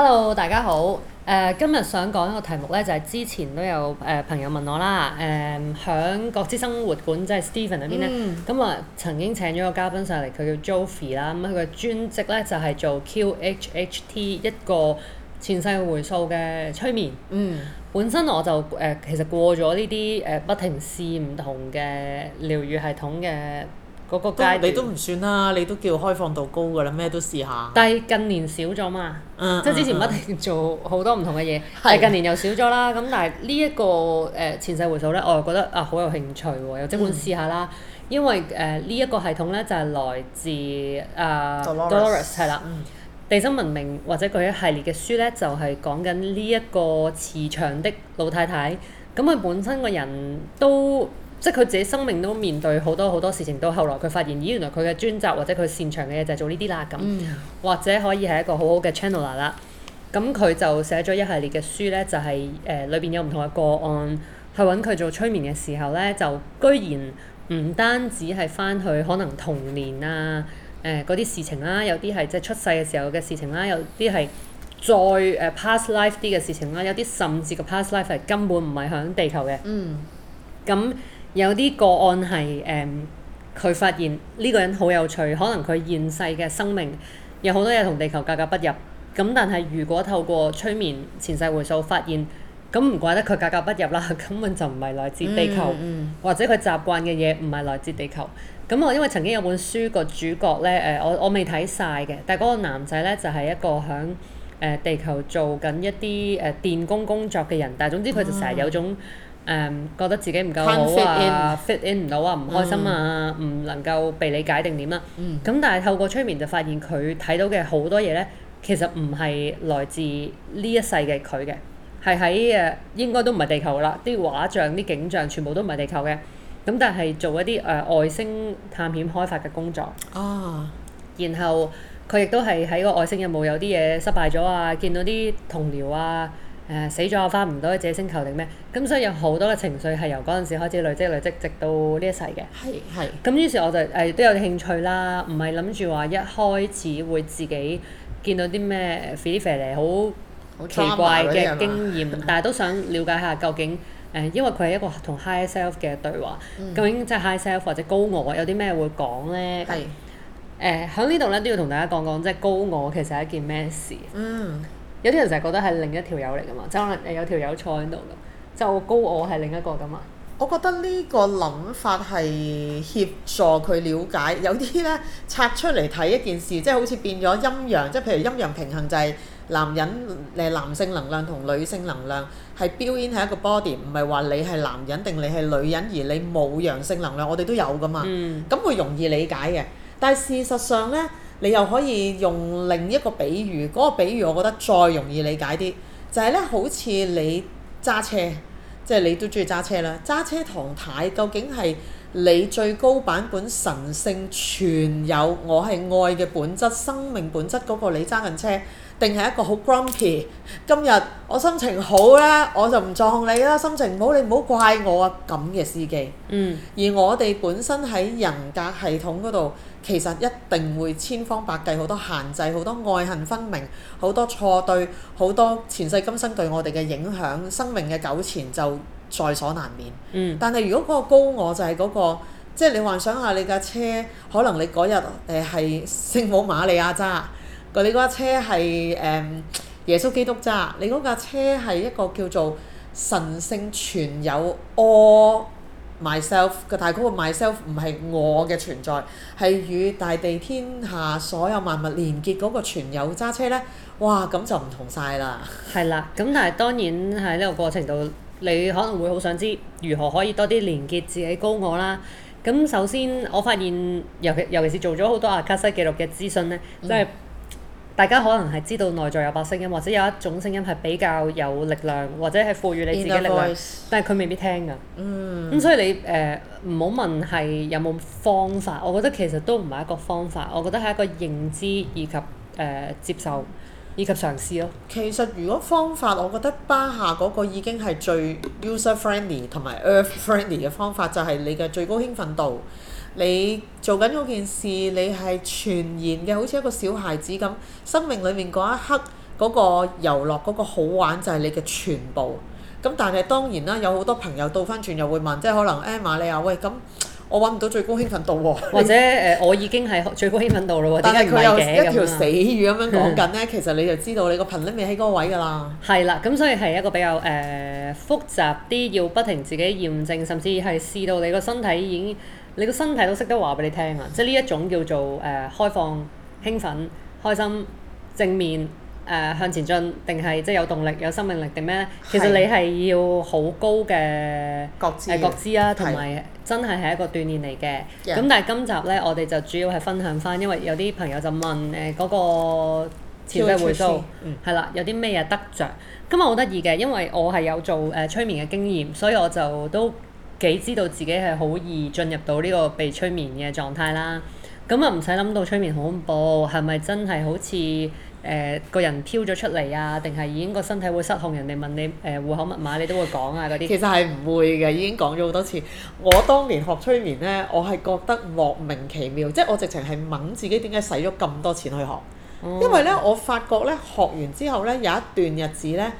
Hello，大家好。誒、呃，今日想講一個題目咧，就係、是、之前都有誒、呃、朋友問我啦。誒、呃，響國資生活館即係 Stephen 入邊咧，咁啊、嗯、曾經請咗個嘉賓上嚟，佢叫 Joffy 啦、啊。咁佢嘅專職咧就係、是、做 QHHT 一個前世回溯嘅催眠。嗯。本身我就誒、呃，其實過咗呢啲誒，不停試唔同嘅療愈系統嘅。嗰個階段都你都唔算啦，你都叫開放度高噶啦，咩都試下。但係近年少咗嘛，uh, uh, uh. 即係之前一定做好多唔同嘅嘢， 是但係近年又少咗啦。咁但係呢一個誒前世回溯咧，我又覺得啊好有興趣喎，又即管試下啦。嗯、因為誒呢一個系統咧就係來自誒 Dolores 係啦，地心文明或者佢一系列嘅書咧就係講緊呢一個慈祥的老太太，咁佢本身個人都。即係佢自己生命都面對好多好多事情，到後來佢發現，咦，原來佢嘅專責或者佢擅長嘅嘢就係做呢啲啦咁，嗯、或者可以係一個好好嘅 channel 啦。咁、嗯、佢就寫咗一系列嘅書呢，就係誒裏邊有唔同嘅個案，去揾佢做催眠嘅時候呢，就居然唔單止係翻去可能童年啊，誒嗰啲事情啦、啊，有啲係即係出世嘅時候嘅事情啦、啊，有啲係再誒、呃、past life 啲嘅事情啦、啊，有啲甚至個 past life 係根本唔係響地球嘅。嗯，咁、嗯。有啲個案係誒，佢、嗯、發現呢個人好有趣，可能佢現世嘅生命有好多嘢同地球格格不入。咁但係如果透過催眠前世回溯發現，咁唔怪得佢格格不入啦，根本就唔係來自地球，嗯嗯、或者佢習慣嘅嘢唔係來自地球。咁我因為曾經有本書、個主角呢，誒，我我未睇晒嘅，但係嗰個男仔呢，就係、係、一個響誒地球做緊一啲誒電工工作嘅人，但係總之佢就成日有種。哦。誒、um, 覺得自己唔夠好啊，fit in 唔到啊，唔開心啊，唔、mm. 能夠被理解定點啦。咁、mm. 嗯嗯、但係透過催眠就發現佢睇到嘅好多嘢呢，其實唔係來自呢一世嘅佢嘅，係喺誒應該都唔係地球啦。啲畫像、啲景象全部都唔係地球嘅。咁但係做一啲誒外星探險開發嘅工作。哦。Oh. 然後佢亦都係喺個外星任務有啲嘢失敗咗啊，見到啲同僚啊。誒、呃、死咗我翻唔到自己星球定咩？咁、嗯、所以有好多嘅情緒係由嗰陣時開始累積累積，累積，積，直到呢一世嘅。係係。咁於是我就誒、呃、都有興趣啦，唔係諗住話一開始會自己見到啲咩 feel feel 嚟好奇怪嘅經驗， 但係都想了解下究竟誒、呃，因為佢係一個同 high self 嘅對話，嗯、究竟即係 high self 或者高我有啲咩會講呢？係是。誒、呃，喺呢度咧都要同大家講講，即係高我其實係一件咩事？嗯。嗯。有啲人成日覺得係另一條友嚟㗎嘛，就可能有條友坐喺度㗎，即係我高我係另一個㗎嘛。我覺得呢個諗法係協助佢了解，有啲咧拆出嚟睇一件事，即係好似變咗陰陽，即係譬如陰陽平衡就係男人誒、男性能量同女性能量係 balance 係一個 body，唔係話你係男人定你係女人，而你冇陽性能量，我哋都有㗎嘛。嗯，咁會容易理解嘅，但係事實上咧。你又可以用另一個比喻，嗰個比喻我覺得再容易理解啲，就係咧好似你揸車，即係你都中意揸車啦。揸車唐太究竟係你最高版本神性全有，我係愛嘅本質、生命本質嗰個你揸緊車，定係一個好 grumpy，今日我心情好啦，我就唔撞你啦。心情唔好，你唔好怪我啊！咁嘅司機，嗯，而我哋本身喺人格系統嗰度。其實一定會千方百計，好多限制，好多愛恨分明，好多錯對，好多前世今生對我哋嘅影響，生命嘅糾纏就在所難免。嗯。但係如果嗰個高我就係嗰個，即係你幻想下你架車，可能你嗰日誒係聖母瑪利亞揸，你架車係誒耶穌基督揸，你嗰架車係一個叫做神性存有 a Myself, myself 個大嗰個 myself 唔係我嘅存在，係與大地天下所有萬物連結嗰個全有揸車呢。哇，咁就唔同晒啦。係啦，咁但係當然喺呢個過程度，你可能會好想知如何可以多啲連結自己高我啦。咁首先我發現，尤其尤其是做咗好多阿卡西記錄嘅資訊呢。即係，嗯。大家可能係知道內在有把聲音，或者有一種聲音係比較有力量，或者係賦予你自己力量，a 但係佢未必聽㗎。嗯。咁所以你誒唔好問係有冇方法，我覺得其實都唔係一個方法，我覺得係一個認知以及誒、呃、接受以及嘗試咯。其實如果方法，我覺得巴夏嗰個已經係最 user friendly 同埋 earth friendly 嘅方法，就係、是、你嘅最高興奮度。你做緊嗰件事，你係全然嘅，好似一個小孩子咁，生命裏面嗰一刻嗰、嗰個遊樂嗰個好玩就係、係、你嘅全部。咁但係當然啦，有好多朋友倒翻轉又會問，即係可能誒瑪麗亞，喂咁我揾唔到最高興奮度喎、哦，或者誒、呃、我已經係最高興奮度啦喎，點解唔係嘅咁啊？但係佢有一條死魚咁樣講緊呢，其實你就知道你個頻率未喺嗰個位㗎啦。係啦，咁所以係一個比較誒、呃、複雜啲，要不停自己驗證，甚至係試到你個身體已經。你個身體都識得話俾你聽啊！即係呢一種叫做誒、呃、開放、興奮、開心、正面誒、呃、向前進，定係即係有動力、有生命力定咩咧？是其實你係要好高嘅覺知，自呃、啊，同埋是真係係一個鍛鍊嚟嘅。咁 Yeah.、嗯、但係今集咧，我哋就主要係分享翻，因為有啲朋友就問誒嗰、呃嗰個前世回溯，係啦、嗯，有啲咩嘢得着？今日好得意嘅，因為我係有做誒催眠嘅經驗，所以我就都。幾知道自己係好易進入到呢個被催眠嘅狀態啦，咁啊唔使諗到催眠好恐怖，係咪真係好似誒、呃、個人飄咗出嚟啊？定係已經個身體會失控？人哋問你誒、呃、戶口密碼，你都會講啊嗰啲。其實係唔會嘅，已經講咗好多次。我當年學催眠呢，我係覺得莫名其妙，即、就、係、是、我直情係掹自己點解使咗咁多錢去學，嗯、因為呢，我發覺呢，學完之後呢，有一段日子呢。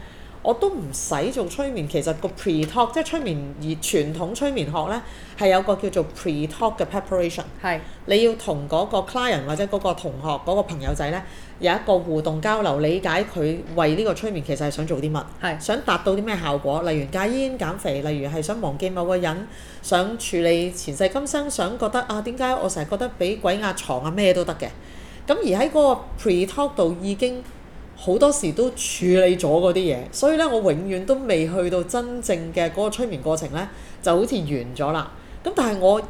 我都唔使做催眠，其實個 pre-talk 即係催眠而傳統催眠學呢，係有個叫做 pre-talk 嘅 preparation 是。係你要同嗰個 client 或者嗰個同學、嗰個朋友仔呢，有一個互動交流，理解佢為呢個催眠其實係想做啲乜，是想達到啲咩效果。例如戒煙、減肥，例如係想忘記某個人，想處理前世今生，想覺得啊點解我成日覺得俾鬼壓床啊咩都得嘅。咁而喺嗰個 pre-talk 度已經。好多時都處理咗嗰啲嘢，所以咧我永遠都未去到真正嘅嗰個催眠過程咧，就好似完咗啦。咁但係我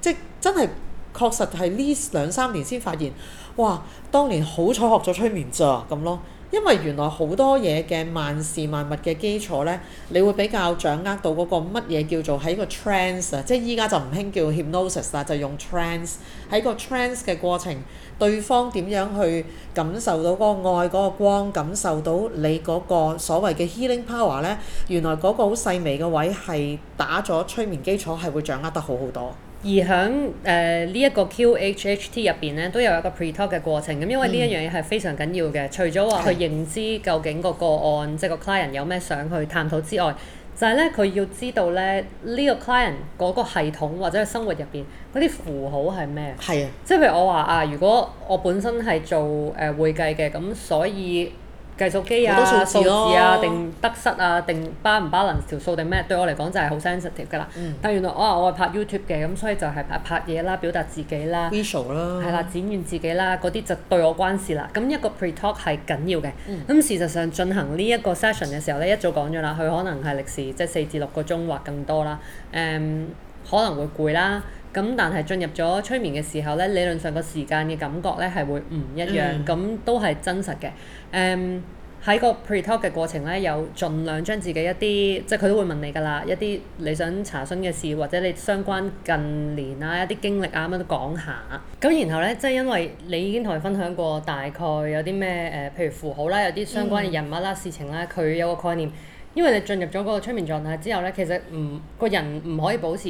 即真係確實係呢兩三年先發現，哇！當年好彩學咗催眠咋咁咯。因為原來好多嘢嘅萬事萬物嘅基礎咧，你會比較掌握到嗰個乜嘢叫做喺個 trance 啊，即係依家就唔興叫 hypnosis 啦，就用 trance 喺個 trance 嘅過程。對方點樣去感受到嗰個愛嗰個光，感受到你嗰個所謂嘅 healing power 呢？原來嗰個好細微嘅位係打咗催眠基礎，係會掌握得好好多。而喺誒呢一個 QHHT 入邊呢，都有一個 pre-talk 嘅過程。咁因為呢一樣嘢係非常緊要嘅，嗯、除咗話去認知究竟個個案是即係個 client 有咩想去探討之外。就係咧，佢要知道咧呢、呢個 client 嗰個系統或者係生活入邊嗰啲符號係咩？係啊，即係譬如我話啊，如果我本身係做誒、呃、會計嘅，咁所以。計數機啊、數字啊、字啊定得失啊、定 bal 唔 balance 條數定咩？對我嚟講就係好 sensitive 㗎啦。嗯、但原來我啊，我係拍 YouTube 嘅，咁所以就係拍拍嘢啦、表達自己啦、visual 啦、係啦、展現自己啦，嗰啲就對我關事啦。咁一個 pre-talk 係緊要嘅。咁、嗯、事實上進行呢一個 session 嘅時候咧，一早講咗啦，佢可能係歷時即係四至六個鐘或更多啦。誒、嗯，可能會攰啦。咁但係進入咗催眠嘅時候呢，理論上個時間嘅感覺呢係會唔一樣，咁、嗯、都係真實嘅。誒、um, 喺個 pre-talk 嘅過程呢，有盡量將自己一啲，即係佢都會問你噶啦，一啲你想查詢嘅事，或者你相關近年啊一啲經歷啊乜都講下。咁然後呢，即、就、係、是、因為你已經同佢分享過大概有啲咩誒，譬如符號啦，有啲相關嘅人物啦、嗯、事情啦，佢有個概念。因為你進入咗嗰個催眠狀態之後呢，其實唔個人唔可以保持。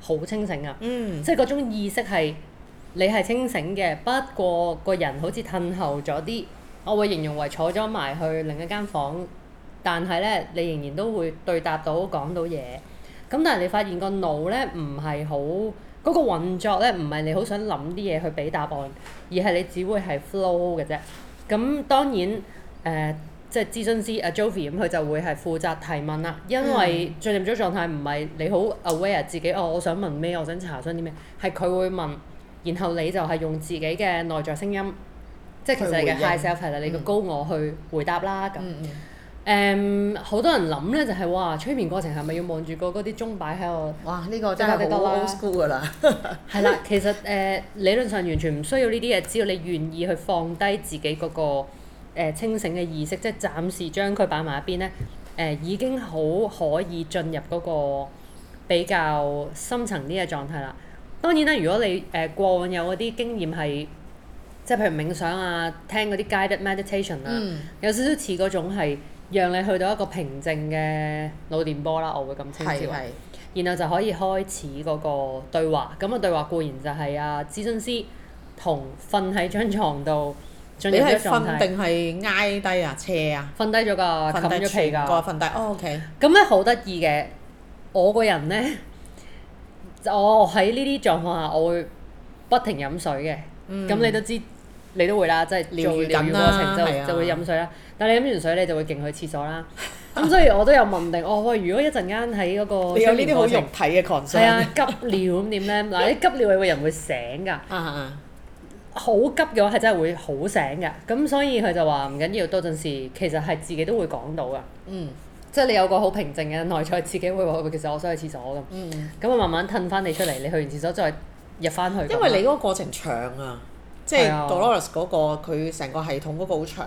好清醒啊！嗯、即係嗰種意識係你係清醒嘅，不過個人好似褪後咗啲。我會形容為坐咗埋去另一間房，但係呢，你仍然都會對答到講到嘢。咁、嗯、但係你發現個腦呢唔係好，嗰個運作呢，唔係你好想諗啲嘢去俾答案，而係你只會係 flow 嘅啫。咁、嗯、當然誒。呃即係諮詢師阿 Jovi 咁，佢就會係負責提問啦。因為進入咗狀態唔係你好 aware 自己哦，我想問咩，我想查詢啲咩，係佢會問，然後你就係用自己嘅內在聲音，即係其實你嘅 high self，係啦，你嘅高我去回答啦。咁誒，好多人諗咧就係、是、哇，催眠過程係咪要望住個嗰啲鐘擺喺度？哇！呢、這個真係好 old school 噶啦。係 啦，其實誒、呃、理論上完全唔需要呢啲嘢，只要你願意去放低自己嗰、那個。誒清醒嘅意識，即係暫時將佢擺埋一邊咧。誒、呃、已經好可以進入嗰個比較深層啲嘅狀態啦。當然啦，如果你誒、呃、過往有嗰啲經驗係，即係譬如冥想啊，聽嗰啲 guided meditation 啊，嗯、有少少似嗰種係，讓你去到一個平靜嘅腦電波啦，我會咁稱之。係係。然後就可以開始嗰個對話。咁、嗰個對話固然就係啊，諮詢師同瞓喺張床度。你係瞓定係挨低啊，斜啊，瞓低咗㗎，冚咗被㗎，個瞓低。O K，咁咧好得意嘅，我個人咧，我喺呢啲狀況下，我會不停飲水嘅。咁你都知，你都會啦，即係最累嘅過程就會飲水啦。但係你飲完水，你就會勁去廁所啦。咁所以我都有問定，我話如果一陣間喺嗰個，你有呢啲好容體嘅狂，係啊急尿咁點咧？嗱，啲急尿你個人會醒㗎。好急嘅話係真係會好醒嘅，咁所以佢就話唔緊要，到陣時其實係自己都會講到嘅。嗯，即係你有個好平靜嘅內在，自己會話，其實我想去廁所咁。嗯、嗯，咁我慢慢褪翻你出嚟，你去完廁所再入翻去。因為你嗰個過程長啊，即係 Dolores 嗰個佢成個系統嗰個好長。誒、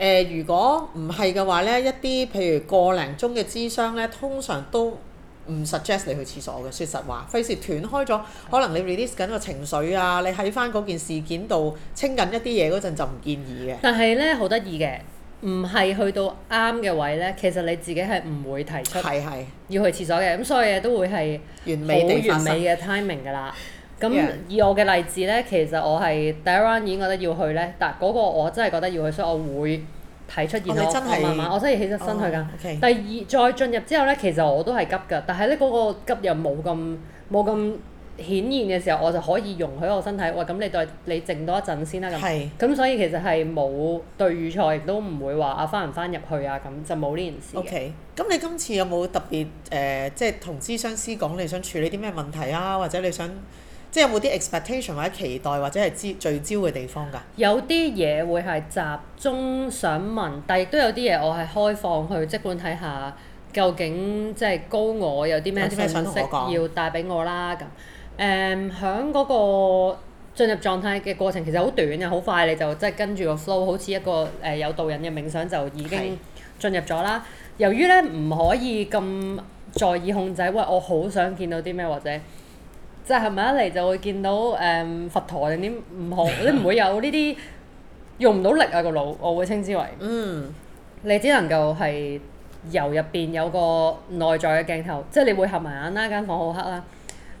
呃，如果唔係嘅話咧，一啲譬如個零鐘嘅諮詢咧，通常都～唔 suggest 你去廁所嘅，說實話，費事斷開咗，可能你 release 緊個情緒啊，你喺翻嗰件事件度清緊一啲嘢嗰陣就唔建議嘅。但係咧，好得意嘅，唔係去到啱嘅位咧，其實你自己係唔會提出要去廁所嘅，咁是所有嘢都會係完美嘅 timing 㗎啦。咁 以我嘅例子咧，其實我係第一 round 已經覺得要去咧，但嗰個我真係覺得要去，所以我會。睇出現咯，真係慢慢。我真係起咗身去噶。Oh, okay. 第二再進入之後咧，其實我都係急噶，但係咧嗰個急又冇咁冇咁顯現嘅時候，我就可以容許我身體。喂，咁你對你靜多一陣先啦。咁咁是、嗯、所以其實係冇對與錯，亦都唔會話啊翻唔翻入去啊咁就冇呢件事嘅。O K，咁你今次有冇特別誒，即係同諮詢師講你想處理啲咩問題啊？或者你想？即係有冇啲 expectation 或者期待或者係焦聚焦嘅地方㗎？有啲嘢會係集中想問，但係亦都有啲嘢我係開放去本，即管睇下究竟即係高我有啲咩信息要帶俾我啦。咁誒，響、um, 嗰個進入狀態嘅過程其實好短嘅，好快你就即係跟住個 flow，好似一個誒、呃、有導引嘅冥想就已經進入咗啦。的由於咧唔可以咁在意控制，喂，我好想見到啲咩或者？就係咪一嚟就會見到誒、um, 佛陀，定點唔好，你唔會有呢啲用唔到力啊，個腦，我會稱之為嗯，你只能夠係由入邊有個內在嘅鏡頭，即、就、係、是、你會合埋眼啦，房間房好黑啦，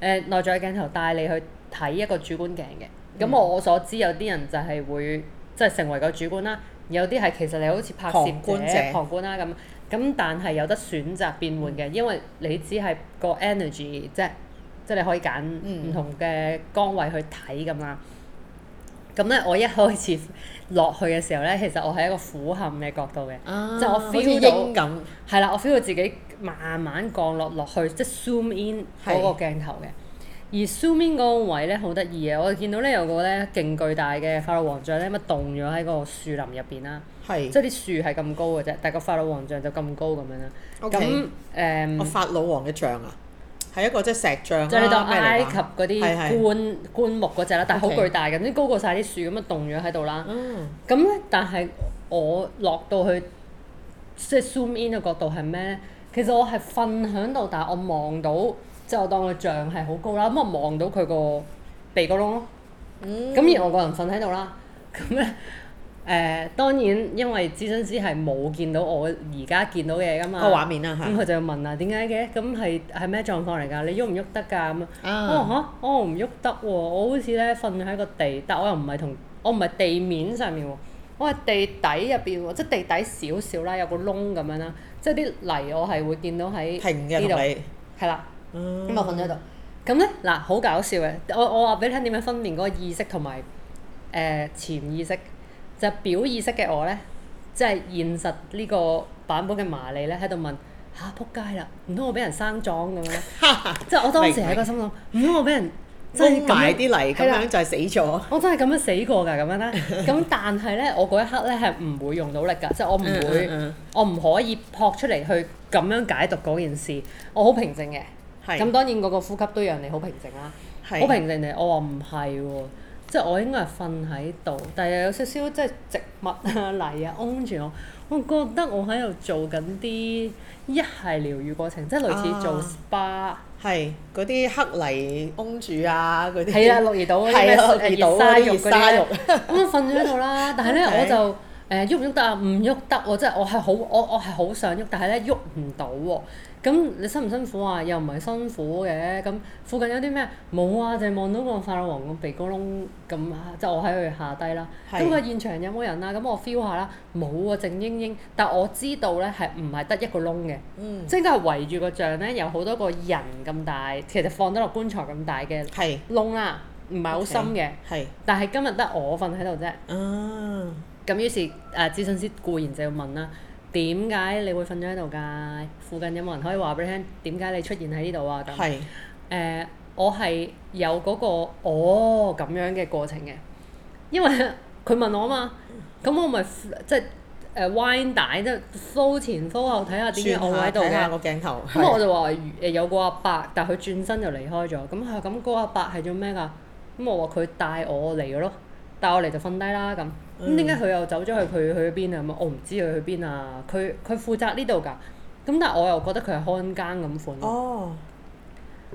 誒、呃、內在嘅鏡頭帶你去睇一個主觀鏡嘅。咁我所知有啲人就係會即係、就是、成為個主觀啦，有啲係其實你好似拍攝者，旁觀，者旁觀啦咁，咁但係有得選擇變換嘅，嗯、因為你只係個 energy 即係。即係你可以揀唔同嘅崗位去睇咁啦。咁咧、嗯，我一開始落去嘅時候咧，其實我係一個俯瞰嘅角度嘅，即、啊、就我 feel 到咁係啦。我 feel 到自己慢慢降落落去，即係 zoom in 嗰是個鏡頭嘅。而 zoom in 嗰個位咧，好得意嘅，我見到咧有個咧勁巨大嘅法老王像咧，乜棟咗喺個樹林入邊啦。係是，即係啲樹係咁高嘅啫，但係個法老王像就咁高咁樣啦。咁誒 Okay,，嗯、我法老王嘅像啊。係一個即石像啦，咩係你當埃及嗰啲棺棺木嗰隻啦，係係但係好巨大，總之 Okay. 高過晒啲樹咁啊，戙咗喺度啦。嗯。咁咧，但係我落到去，即係 zoom in 嘅角度係咩咧？其實我係瞓響度，但係我望到，即、就、係、是、我當佢像係好高啦，咁啊望到佢個鼻哥窿咯。咁而、嗯、我個人瞓喺度啦，咁咧。誒、呃、當然，因為諮詢師係冇見到我而家見到嘅嘢㗎嘛，個、哦、畫面啦、啊，咁佢、啊嗯、就問啦：點解嘅？咁係係咩狀況嚟㗎？你喐唔喐得㗎？咁啊嚇！我唔喐得喎，我好似咧瞓喺個地，但我又唔係同我唔係地面上面喎，我係地底入邊喎，即係地底少少啦，有個窿咁樣小小啦，樣即係啲泥，我係會見到喺、嗯、呢度係啦，咁啊瞓咗喺度咁咧嗱，好搞笑嘅，我我話俾你聽點樣分辨嗰個意識同埋誒潛意識。就表意識嘅我咧，即係現實呢個版本嘅麻利咧，喺度問吓，撲街啦！唔通我俾人生撞咁樣？即係 我當時喺個 明白 心諗，唔通我俾人即係咁樣，跟住就死咗。我真係咁樣死過㗎，咁樣啦。咁 但係咧，我嗰一刻咧係唔會用到力㗎，即係我唔會， 我唔可以撲出嚟去咁樣解讀嗰件事。我好平靜嘅，咁對 當然個個呼吸都讓你好平靜啦的，好平靜嚟。我話唔係喎。即係我應該係瞓喺度，但又有少少即係植物啊泥啊安住我，我覺得我喺度做緊啲一係療愈過程，即係類似做 SPA，係嗰啲黑泥安住啊嗰啲。係啊，鹿兒、嗯啊、島嗰啲咩熱沙浴、嗯、熱沙浴咁瞓咗喺度啦。但係咧，我就誒喐唔喐得啊？唔喐得喎！即係我係好我我係好想喐，但係咧喐唔到喎。咁你辛唔辛苦啊？又唔係辛苦嘅。咁附近有啲咩？冇啊，就係望到個法老王個鼻哥窿咁，即係我喺佢下低啦。咁是個現場有冇人啊？咁我 feel 下啦，冇啊，靜英英。但我知道咧，係唔係得一個窿嘅？嗯。即係都係圍住個像咧，有好多個人咁大，其實放得落棺材咁大嘅窿啦，唔係好深嘅。係、okay. 是。但係今日得我瞓喺度啫。啊。咁於是誒諮詢師固然就要問啦。點解你會瞓咗喺度㗎？附近有冇人可以話俾你聽點解你出現喺呢度啊？咁，誒是、呃，我係有嗰、那個哦咁樣嘅過程嘅，因為佢問我啊嘛，咁我咪即係誒、呃、彎帶即係掃前掃後睇下點解我喺度啊？睇下個鏡頭，咁、嗯、我就話誒有個阿伯，伯，但係佢轉身就離開咗。咁係咁嗰個阿伯係做咩㗎？咁、嗯、我話佢帶我嚟嘅咯，帶我嚟就瞓低啦咁。咁點解佢又走咗去，去？佢、哦、去咗邊啊？咁我唔知佢去邊啊！佢佢負責呢度㗎。咁但係我又覺得佢係看更咁款。哦。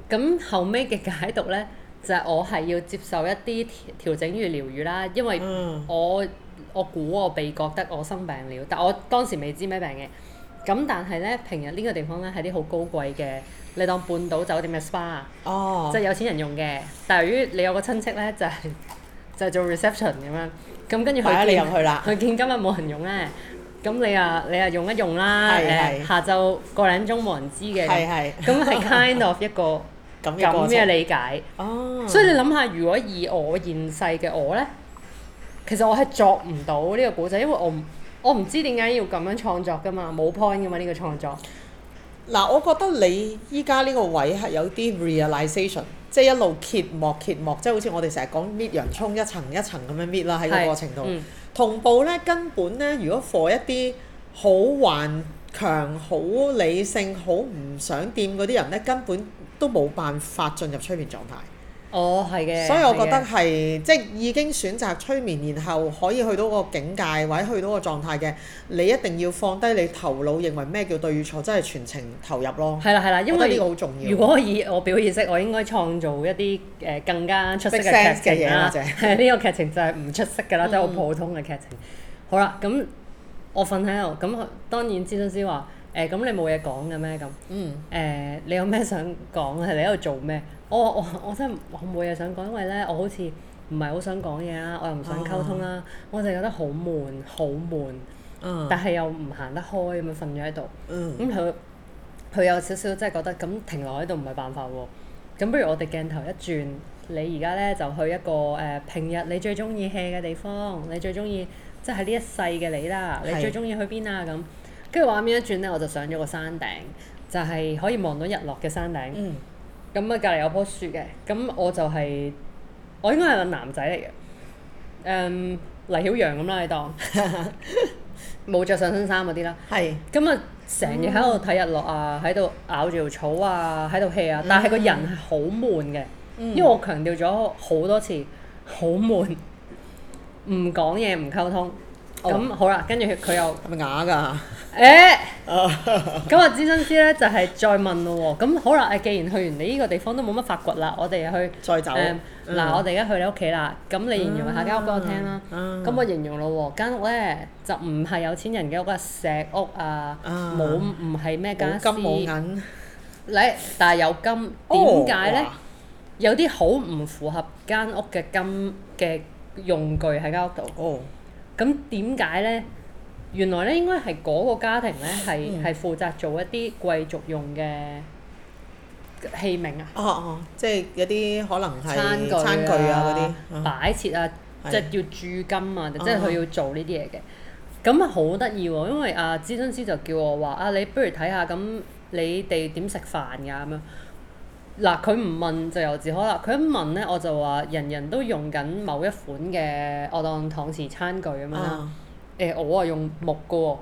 咁後尾嘅解讀咧，就係、係、我係要接受一啲調整與療愈啦，因為我、嗯、我估我，我被覺得我生病了，但我當時未知咩病嘅。咁但係咧，平日呢個地方咧係啲好高貴嘅，你當半島酒店嘅 SPA，即係有錢人用嘅。但係於你有個親戚咧，就係、係、就係、係、做 reception 咁樣。咁跟住佢啊你入去啦，佢見今日冇人用咧，咁你啊，你啊用一用啦，誒下晝個兩鐘冇人知嘅，咁係 kind of 一個咁嘅理解？哦。所以你諗下，如果以我現世嘅我咧，其實我係作唔到呢個古仔，因為我唔我唔知點解要咁樣創作噶嘛，冇 point 噶嘛呢個創作。嗱，我覺得你依家呢個位係有啲 realisation。即係一路揭幕揭幕，即係好似我哋成日講搣洋葱，一層一層咁樣搣啦。喺個過程度、嗯、同步咧，根本咧，如果貨一啲好頑強、好理性、好唔想掂嗰啲人咧，根本都冇辦法進入催眠狀態。哦，係嘅。所以我覺得係，的即係已經選擇催眠，然後可以去到個境界，或者去到個狀態嘅，你一定要放低你頭腦，認為咩叫對與錯，真係全程投入咯。係啦係啦，因為呢個好重要。如果以我表意識，我應該創造一啲誒、呃、更加出色嘅劇情啦、啊。係呢個劇情就係唔出色㗎啦，都係好普通嘅劇情。好啦，咁我瞓喺度，咁當然諮詢師話：誒、呃，咁你冇嘢講嘅咩？咁嗯誒，你有咩想講？係你喺度做咩？我我我真我冇嘢想講，因為咧我好似唔係好想講嘢啊，我又唔想溝通啦，啊、我就覺得好悶，好悶。嗯、但係又唔行得開咁樣瞓咗喺度。咁佢佢有少少即係覺得咁停留喺度唔係辦法喎。咁不如我哋鏡頭一轉，你而家咧就去一個誒、呃、平日你最中意 hea 嘅地方，你最中意即係呢一世嘅你啦，你最中意去邊啊？咁跟住畫面一轉咧，我就上咗個山頂，就係、是、可以望到日落嘅山頂。嗯。咁啊，隔離有棵樹嘅，咁我就係、是、我應該係個男仔嚟嘅，誒、嗯、黎曉陽咁啦，你當冇着上身衫嗰啲啦，咁啊成日喺度睇日落啊，喺度咬住條草啊，喺度 hea 啊，但係個人係好悶嘅，嗯、因為我強調咗好多次，好悶，唔講嘢唔溝通，咁、哦、好啦，跟住佢又咪啞噶～誒，咁啊、欸，諮詢 師咧就係、是、再問咯咁、哦、好啦，誒，既然去完你呢個地方都冇乜發掘啦，我哋去再走。嗱、嗯啊，我哋而家去你屋企啦。咁你形容下間屋俾我聽啦。咁、嗯嗯、我形容咯喎、哦，間屋咧就唔係有錢人嘅屋，石屋啊，冇唔係咩傢俬，冇金冇銀。咧，但係有金，點解咧？哦、有啲好唔符合間屋嘅金嘅用具喺間屋度。哦，咁點解咧？原來咧，應該係嗰個家庭咧，係係負責做一啲貴族用嘅器皿啊！哦哦，即係有啲可能係餐具餐具啊、嗰啲，啊、擺設啊，啊即係要鑄金啊，是即係佢要做呢啲嘢嘅。咁、哦嗯、啊好得意喎，因為啊諮詢師就叫我話啊，你不如睇下咁你哋點食飯㗎，咁、啊、樣。嗱，佢唔問就由自可啦。佢一問咧，我就話人，人人都用緊某一款嘅我當搪瓷餐具咁樣誒、欸、我啊用木嘅喎、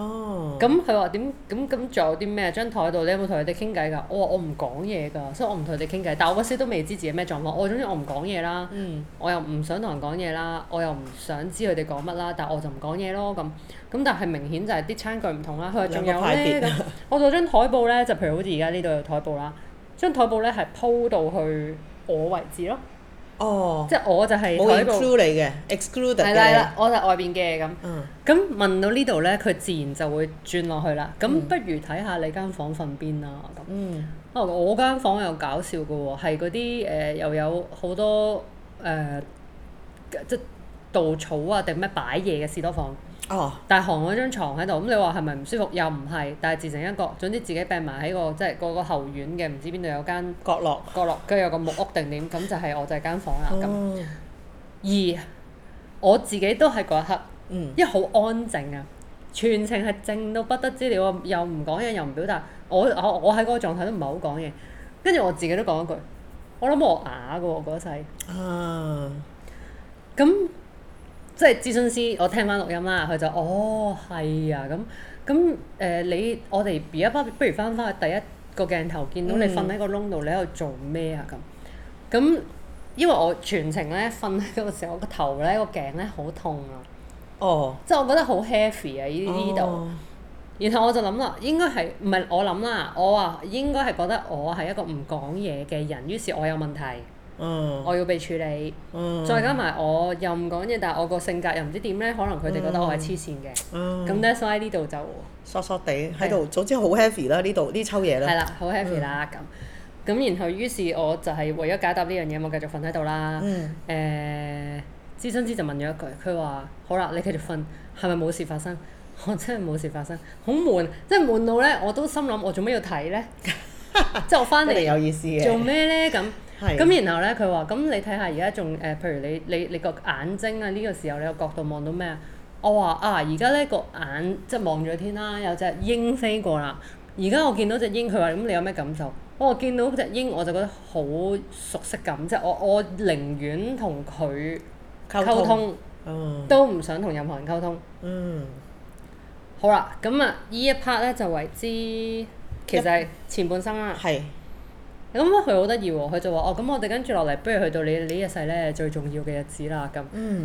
哦，咁佢話點？咁咁仲有啲咩？張台度你有冇同佢哋傾偈㗎？ 我，我話我唔講嘢㗎，所以我唔同佢哋傾偈。但係我嗰時都未知自己咩狀況。我總之我唔講嘢啦，我又唔想同人講嘢啦，我又唔想知佢哋講乜啦。但係我就唔講嘢咯。咁咁但係明顯就係啲餐具唔同啦。佢話仲有咧咁，個 我仲有張台布咧，就譬如好似而家呢度有台布啦。張台布咧係鋪到去我位置咯。哦，即係我就係我 include 你嘅，excluded 嘅，係啦，我就外邊嘅咁。咁、嗯、問到呢度咧，佢自然就會轉落去啦。咁不如睇下你間房瞓邊啊？咁，啊、嗯、我間房又搞笑嘅喎、哦，係嗰啲誒又有好多誒、呃，即係稻草啊定咩擺嘢嘅士多房。哦！但係、oh. 行嗰張床喺度，咁你話係咪唔舒服？又唔係，但係自成一角，總之自己病埋喺個即係個個後院嘅，唔知邊度有間角落角落，角落居有個木屋定點，咁就係我就係間房啦咁、oh.。而我自己都喺嗰一刻，嗯，mm. 因為好安靜啊，全程係靜到不得之了，又唔講嘢，又唔表達，我我我喺嗰個狀態都唔係好講嘢。跟住我自己都講一句，我諗我啞嘅喎嗰一世。啊！咁、oh.。即係諮詢師，我聽翻錄音啦，佢就哦，係啊，咁咁，誒，你我哋而家不不如翻翻去第一個鏡頭，見到你瞓喺個窿度，你喺度做咩啊？咁咁因為我全程咧瞓喺嗰時候，我個頭咧個頸咧好痛啊！哦，oh. 即係我覺得好 heavy 啊！呢呢度，oh. 然後我就諗啦，應該係唔係我諗啦？我話、啊、應該係覺得我係一個唔講嘢嘅人，於是，我有問題。嗯、我要被處理，嗯、再加埋我又唔講嘢，但係我個性格又唔知點呢，可能佢哋覺得我係黐線嘅。咁呢、嗯，嗯、所以呢度就索索地喺度，對總之好 heavy 啦，呢度呢抽嘢啦。係啦，好 heavy 啦咁。咁然後於是我就係為咗解答呢樣嘢，我繼續瞓喺度啦。誒、嗯，諮詢師就問咗一句，佢話：好啦，你繼續瞓，係咪冇事發生？我真係冇事發生，好悶，真係悶到呢，我都心諗我做咩要睇呢？ 即係我翻嚟 做咩呢？咁？咁然後咧，佢話：咁、嗯、你睇下而家仲誒，譬如你你你個眼睛啊，呢、這個時候你個角度望到咩啊？我話啊，而家咧個眼即係望咗天啦，有隻鷹飛過啦。而家我見到隻鷹，佢話：咁、嗯、你有咩感受、哦？我見到隻鷹，我就覺得好熟悉感，即係我我寧願同佢溝通，都唔想同任何人溝通。嗯。嗯好啦，咁、嗯、啊，一呢一 part 咧就為之，其實係前半生啦。係。咁佢好得意喎，佢、哦、就話：哦，咁我哋跟住落嚟，不如去到你，你呢一世咧最重要嘅日子啦。咁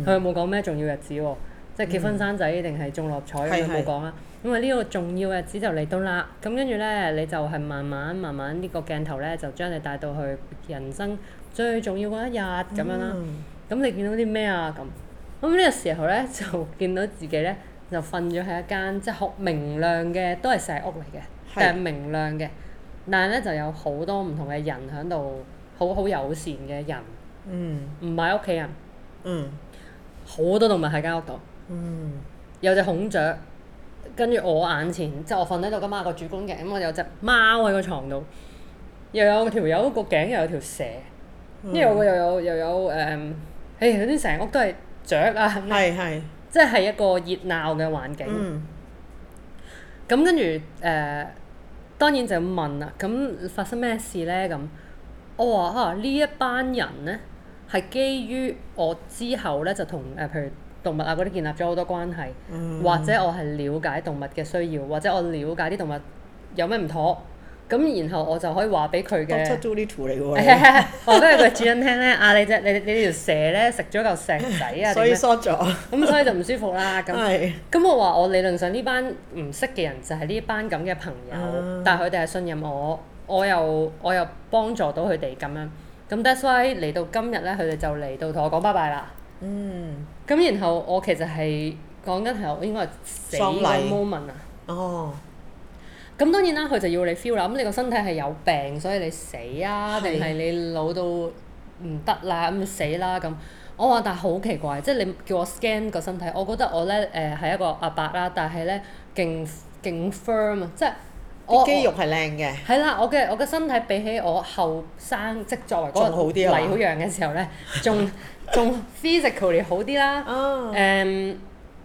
佢冇講咩重要日子喎、哦，嗯、即係結婚生仔定係中六合彩，佢冇講啊。咁啊，呢是個重要嘅日子就嚟到啦。咁跟住咧，你就係慢慢慢慢呢個鏡頭咧，就將你帶到去人生最重要嗰一日咁、嗯、樣啦。咁你見到啲咩啊？咁咁呢個時候咧，就見到自己咧就瞓咗喺一間即係好明亮嘅，嗯、都係石屋嚟嘅，但係的明亮嘅。但係咧，就有好多唔同嘅人喺度，好好友善嘅人。嗯，唔係屋企人。嗯，好多動物喺間屋度。嗯，有隻孔雀，跟住我眼前，即係我瞓喺度。今晚個主公嘅，咁我有隻貓喺個床度，又有條友個頸又有條蛇，又、嗯嗯欸、個又有又有誒，誒啲成屋都係雀啊，係、嗯、係，即係一個熱鬧嘅環境。嗯，咁跟住誒。當然就問啦，咁發生咩事呢？咁我話啊，呢一班人呢，係基於我之後呢，就同、呃、譬如動物啊嗰啲建立咗好多關係，嗯、或者我係了解動物嘅需要，或者我了解啲動物有咩唔妥。咁然後我就可以話俾佢嘅，我出咗呢圖嚟喎。我跟住主人聽咧，啊你只你你條蛇咧食咗嚿石仔啊，所以縮咗，咁所以就唔舒服啦。咁咁我話我理論上呢班唔識嘅人就係呢班咁嘅朋友，但係佢哋係信任我，我又我又幫助到佢哋咁樣。咁 that's why 嚟到今日咧，佢哋就嚟到同我講拜拜啦。嗯，咁然後我其實係講緊係應該係死亡 moment 啊。哦。咁當然啦，佢就要你 feel 啦。咁你個身體係有病，所以你死啊？定係是你老到唔得啦？咁死啦咁。我話、哦、但係好奇怪，即係你叫我 scan 個身體，我覺得我咧誒係一個阿伯啦，但係咧勁勁 firm 啊，irm, 即係我肌肉係靚嘅。係啦，我嘅我嘅身體比起我後生，即作為嗰個黎好樣嘅、啊、時候咧，仲仲 physically 好啲啦。哦。Oh. Um,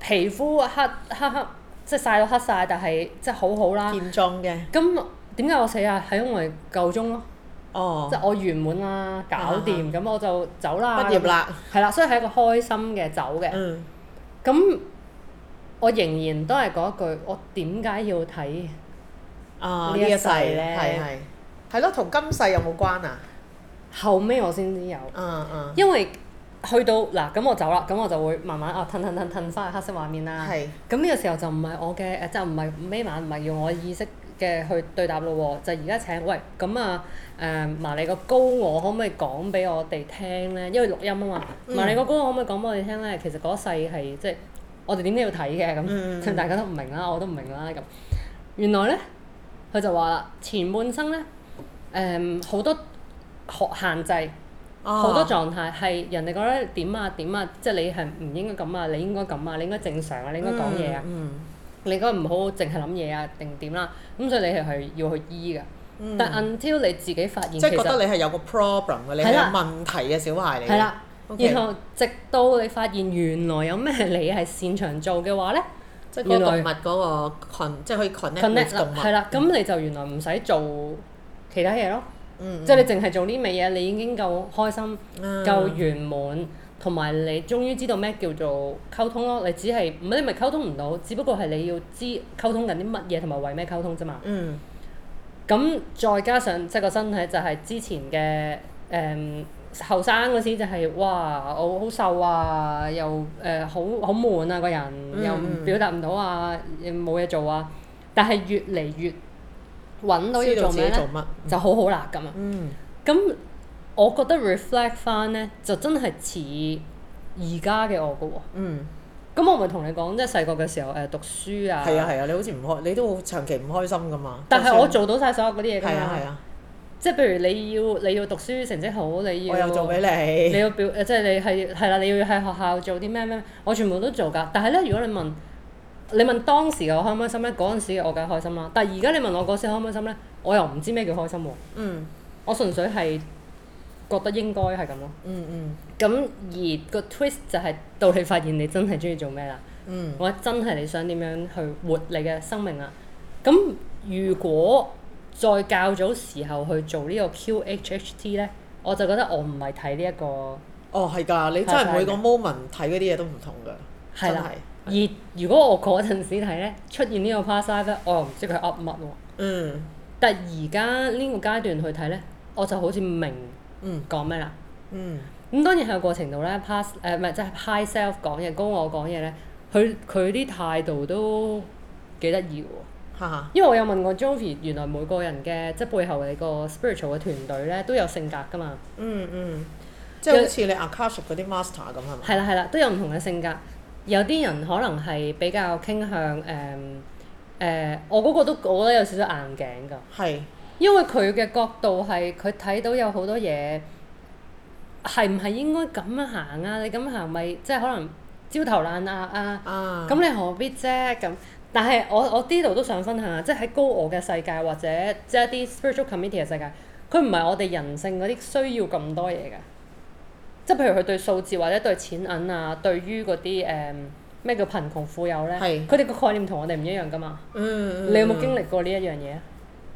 皮膚黑黑黑。即係曬到黑曬，但係即係好好啦。健壯嘅。咁點解我死啊？係因為夠鐘咯。哦。即係我圓滿啦，搞掂。咁我就走啦。畢業啦。係啦，所以係一個開心嘅走嘅。嗯。咁我仍然都係嗰句，我點解要睇呢一世咧？係係。係咯，同今世有冇關啊？後尾我先知有。嗯嗯。因為。去到嗱咁、啊、我走啦，咁我就會慢慢啊褪褪褪褪翻去黑色畫面啦。咁呢是個時候就唔係我嘅誒、呃，就唔係尾晚，唔係用我意識嘅去對答咯喎、啊。就而家請喂咁啊誒、嗯，麻利個高我可唔可以講俾我哋聽咧？因為錄音啊嘛，嗯、麻利個高我可唔可以講俾我哋聽咧？其實嗰世係即係我哋點都要睇嘅咁，嗯、大家都唔明啦，我都唔明啦咁。原來咧，佢就話啦，前半生咧誒好多學限制。好多狀態係人哋覺得點啊點啊，即係你係唔應該咁啊，你應該咁啊，你應該正常啊，你應該講嘢啊，你應該唔好好淨係諗嘢啊定點啦？咁所以你係係要去醫噶。但 until 你自己發現，即係覺得你係有個 problem 㗎，你係有問題嘅小孩嚟。係啦。然後直到你發現原來有咩你係擅長做嘅話咧，即係個動物嗰個羣，即係可以 connect connect 動物啦。係啦，咁你就原來唔使做其他嘢咯。Mm hmm. 即係你淨係做呢味嘢，你已經夠開心、mm hmm. 夠圓滿，同埋你終於知道咩叫做溝通咯。你只係唔係你咪溝通唔到，只不過係你要知溝通緊啲乜嘢同埋為咩溝通啫嘛。嗯、mm。咁、hmm. 再加上即係個身體就係之前嘅誒後生嗰時就係、是、哇我好瘦啊，又誒、呃、好好悶啊個人，mm hmm. 又表達唔到啊，冇嘢做啊。但係越嚟越揾到要做咩咧？做嗯、就好好辣咁啊！咁、嗯、我覺得 reflect 翻咧，就真係似而家嘅我噶喎、哦。嗯，咁我咪同你講，即係細個嘅時候，誒、呃、讀書啊。係啊係啊，你好似唔開，你都好長期唔開心噶嘛。但係我做到晒所有嗰啲嘢㗎。係啊係啊，即係、啊啊、譬如你要你要讀書成績好，你要我又做俾你。你要表，即係你係係啦，你要喺學校做啲咩咩？我全部都做㗎。但係咧，如果你問，你問當時嘅我開唔開心咧？嗰陣時我梗係開心啦。但係而家你問我嗰時開唔開心咧？我又唔知咩叫開心喎。嗯。我純粹係覺得應該係咁咯。嗯嗯。咁而個 twist 就係、是、到你發現你真係中意做咩啦。嗯。我真係你想點樣去活你嘅生命啊？咁如果再較早時候去做個呢個 QHHT 咧，我就覺得我唔係睇呢一個。哦，係㗎！你真係每個 moment 睇嗰啲嘢都唔同㗎，真係。而如果我嗰陣時睇咧，出現呢個 past life 我又唔知佢噏乜喎。嗯。Mm、但而家呢個階段去睇咧，我就好似明講咩啦。嗯。咁當然喺個過程度咧 past 誒，唔係即係 high self 講嘢，高我講嘢咧，佢佢啲態度都幾得意喎。因為我有問過 Joey，原來每個人嘅即係背後你個 spiritual 嘅團隊咧都有性格㗎嘛。嗯嗯、mm, mm,。即係好似你阿 Kashu 嗰啲 master 咁係嘛？係啦係啦，都有唔同嘅性格。有啲人可能係比較傾向誒誒、呃呃，我嗰個都我覺得有少少硬頸㗎。係是因為佢嘅角度係佢睇到有好多嘢係唔係應該咁樣行啊？你咁行咪即係可能焦頭爛額啊？咁、啊、你何必啫？咁但係我我呢度都想分享下，即係喺高我嘅世界或者即係一啲 spiritual community 嘅世界，佢唔係我哋人性嗰啲需要咁多嘢㗎。即係譬如佢對數字或者對錢銀啊，對於嗰啲誒咩叫貧窮富有咧，係，佢哋個概念同我哋唔一樣噶嘛嗯。嗯，你有冇經歷過呢一樣嘢啊？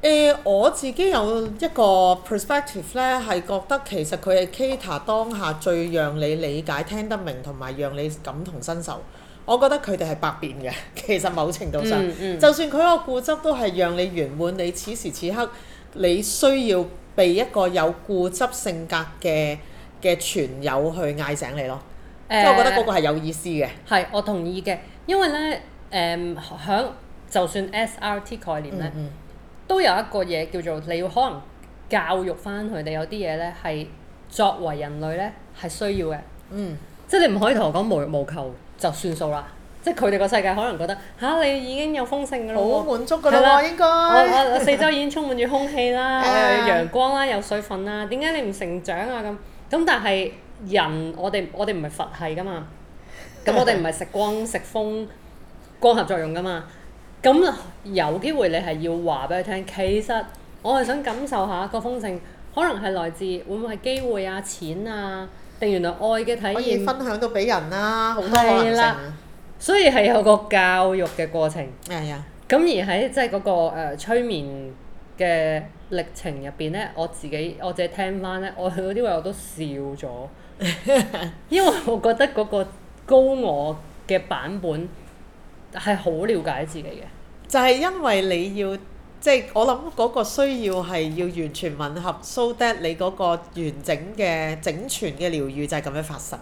誒、欸，我自己有一個 perspective 咧，係覺得其實佢係 cater 當下最讓你理解、聽得明同埋讓你感同身受。我覺得佢哋係百變嘅，其實某程度上，嗯嗯、就算佢個固執都係讓你圓滿你。你此時此刻你需要被一個有固執性，性格嘅。嘅全友去嗌醒你咯，即係、呃、我覺得嗰個係有意思嘅。係我同意嘅，因為咧，誒、嗯、響就算 SRT 概念咧，嗯嗯、都有一個嘢叫做你要可能教育翻佢哋有啲嘢咧係作為人類咧係需要嘅。嗯，即係你唔可以同我講無欲無求就算數啦。即係佢哋個世界可能覺得嚇、啊、你已經有豐盛㗎啦，好滿足㗎啦，應該四周已經充滿住空氣啦，又有、 呃、陽光啦，有水分啦，點解你唔成長啊咁？咁但係人，我哋我哋唔係佛系噶嘛，咁我哋唔係食光食風光合作用噶嘛，咁有機會你係要話俾佢聽，其實我係想感受下個豐盛，可能係來自會唔會係機會啊、錢啊，定原來愛嘅體驗可以分享到俾人啦、啊，好多啦、啊，所以係有個教育嘅過程。係啊 Yeah, yeah.。咁而喺即係嗰個、呃、催眠。嘅歷程入邊呢，我自己我凈係聽翻呢，我去嗰啲位我都笑咗， 因為我覺得嗰個高我嘅版本係好了解自己嘅，就係因為你要即係、就是、我諗嗰個需要係要完全吻合 ，so that 你嗰個完整嘅整全嘅療愈就係咁樣發生。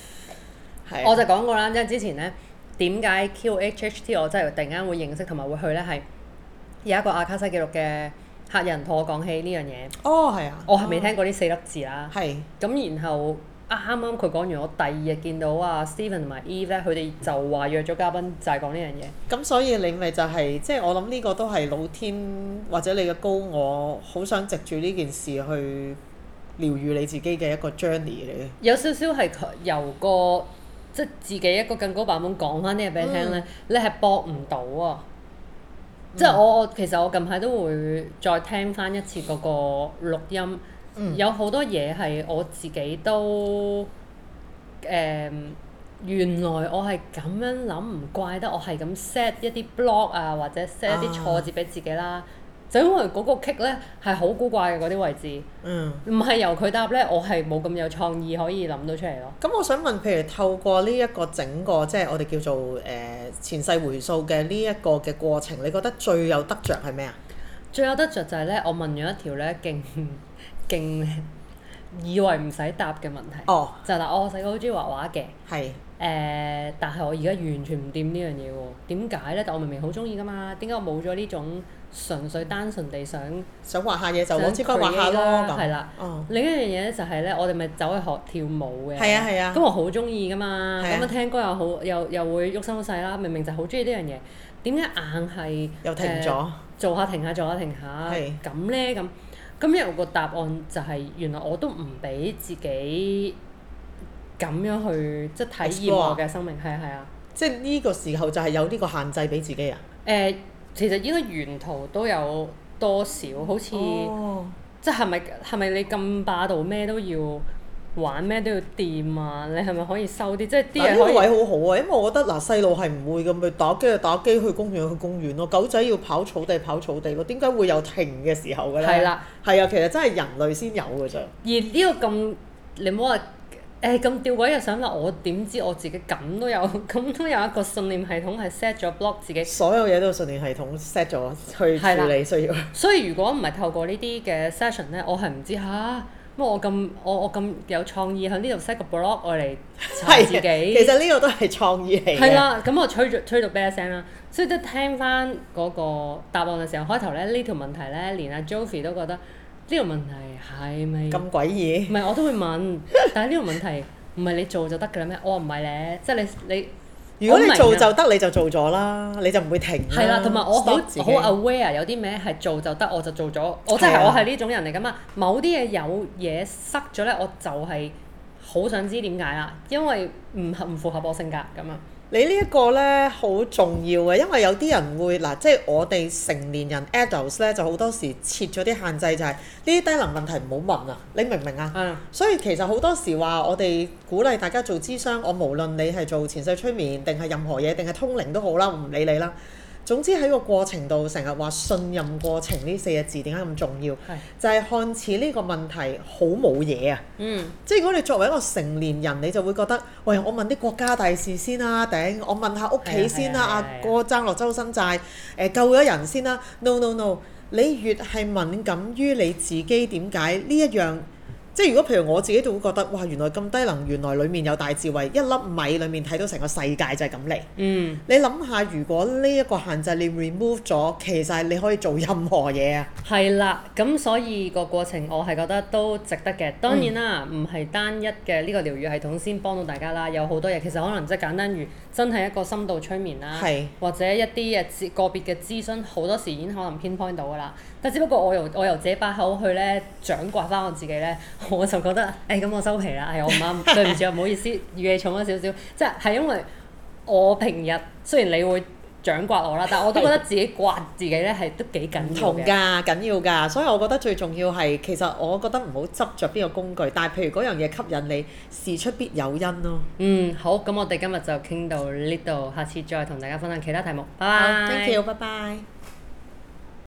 是啊、我就講過啦，因為之前呢，點解 QHHT 我真係突然間會認識同埋會去呢係。有一個阿卡西記錄嘅客人同我講起呢樣嘢。哦，係啊。我係未聽過呢四粒字啦。係、哦。咁然後啱啱佢講完，我第二日見到啊 Stephen 同埋 Eve 咧，佢哋就話約咗嘉賓，就係講呢樣嘢。咁所以你咪就係、是，即、就、係、是、我諗呢個都係老天或者你嘅高我，好想藉住呢件事去療愈你自己嘅一個 journey 嚟嘅。有少少係由個即係自己一個更高版本講翻呢嘢俾、嗯、你聽咧，你係博唔到啊！即係我我、嗯、其實我近排都會再聽翻一次嗰個錄音，嗯、有好多嘢係我自己都誒、呃，原來我係咁樣諗，唔怪得我係咁 set 一啲 block 啊，或者 set 一啲挫折俾自己啦。啊就因為嗰個棘咧係好古怪嘅嗰啲位置，唔係、嗯、由佢答咧，我係冇咁有創意可以諗到出嚟咯。咁、嗯、我想問，譬如透過呢一個整個即係我哋叫做誒、呃、前世回溯嘅呢一個嘅過程，你覺得最有得着係咩啊？最有得着就係咧，我問咗一條咧勁勁以為唔使答嘅問題，哦、就嗱我細個好鍾意畫畫嘅，誒是、呃、但係我而家完全唔掂、啊、呢樣嘢喎，點解咧？但我明明好鍾意㗎嘛，點解我冇咗呢種？純粹單純地想想畫下嘢就攞支筆畫下咯，係啦。嗯、另一樣嘢咧就係咧，我哋咪走去學跳舞嘅。係啊係啊。咁、嗯嗯、我好中意噶嘛，咁樣、嗯嗯、聽歌又好，又又會喐身好細啦。明明就好中意呢樣嘢，點解硬係？又停咗、呃。做下停下，做下停下，咁咧咁。咁有個答案就係，原來我都唔俾自己咁樣去即係、就是、體驗我嘅生命。係啊係啊。即係呢個時候就係有呢個限制俾自己啊。誒、就是。其實應該沿途都有多少，好似、oh. 即係咪係咪你咁霸道咩都要玩咩都要掂啊！你係咪可以收啲？即係啲人個位好好啊，因為我覺得嗱細路係唔會噶，去打機啊打機，去公園去公園咯，啊，狗仔要跑草地跑草地咯，點解會有停嘅時候咧？係啦了，係啊，其實真係人類先有㗎咋。而呢個咁，你唔好話。誒，咁吊詭又想啦！我點知我自己咁都有咁都有一個信念系統係 set 咗 block 自己。所有嘢都信念系統 set 咗去處理需要的。 所以如果唔係透過呢啲嘅 session 咧，我係唔知吓乜、啊、我咁我我咁有創意喺呢度 set 個 block 我嚟查自己。其實呢個都係創意嚟。係啦，咁我吹咗吹到啤聲啦，所以都係聽翻嗰個答案嘅時候，開頭咧呢條、這個、問題咧，連阿、啊、Joffy 都覺得。呢個問題係咪咁詭異？唔係我都會問。 但係呢個問題唔係你做就得嘅咧咩？我話唔係咧，即係你你。你如果你，你做就得，你就做咗啦，你就唔會停。係啦，同埋我好好 aware 有啲咩係做就得，我就做咗。我即係的我係呢種人嚟㗎嘛。某啲嘢有嘢塞咗咧，我就係好想知點解啊！因為唔唔符合我性格咁啊。你呢一個咧好重要嘅，因為有啲人會嗱，即係我哋成年人 adults 咧，就好多時設咗啲限制，就係，就係呢啲低能問題唔好問啊！你明唔明啊？Yeah. 所以其實好多時話我哋鼓勵大家做諮商，我無論你係做前世催眠定係任何嘢定係通靈都好啦，唔理你啦。總之喺個過程度，成日話信任過程呢四隻字點解咁重要？是的 就係看似呢個問題好冇嘢啊！嗯、即係如果你作為一個成年人，你就會覺得，喂，我問啲國家大事先啦，頂，我問下屋企先啦，啊，個、啊、爭落周身債，誒、呃，救咗人先啦、啊。No no no，你越係敏感於你自己，點解呢一樣？即係如果譬如我自己就會覺得，哇！原來咁低能，原來裡面有大智慧，一粒米裡面睇到成個世界就係咁嚟。嗯。你諗下，如果呢一個限制你 remove 咗，其實你可以做任何嘢啊。係、嗯、啦，咁所以個過程我係覺得都值得嘅。當然啦，唔係單一嘅呢個療愈系統先幫到大家啦，有好多嘢。其實可能即係簡單如真係一個深度催眠啦，是或者一啲嘢個別嘅諮詢，好多時已經可能 pinpoint 到噶啦。但只不過我由我由自己把口去咧，掌摑翻我自己咧。 我就覺得，誒、欸、咁我收皮啦，係、哎、我唔啱， 對唔住，唔好意思，語氣重咗少少，即係係因為我平日雖然你會掌摑我啦，但係我都覺得自己摑自己咧係 是都幾緊要唔同㗎，緊要㗎，所以我覺得最重要係其實我覺得唔好執着邊個工具，但係譬如嗰樣嘢吸引你，事出必有因咯、哦。嗯，好，咁我哋今日就傾到呢度，下次再同大家分享其他題目，拜拜。Oh, thank you，拜拜。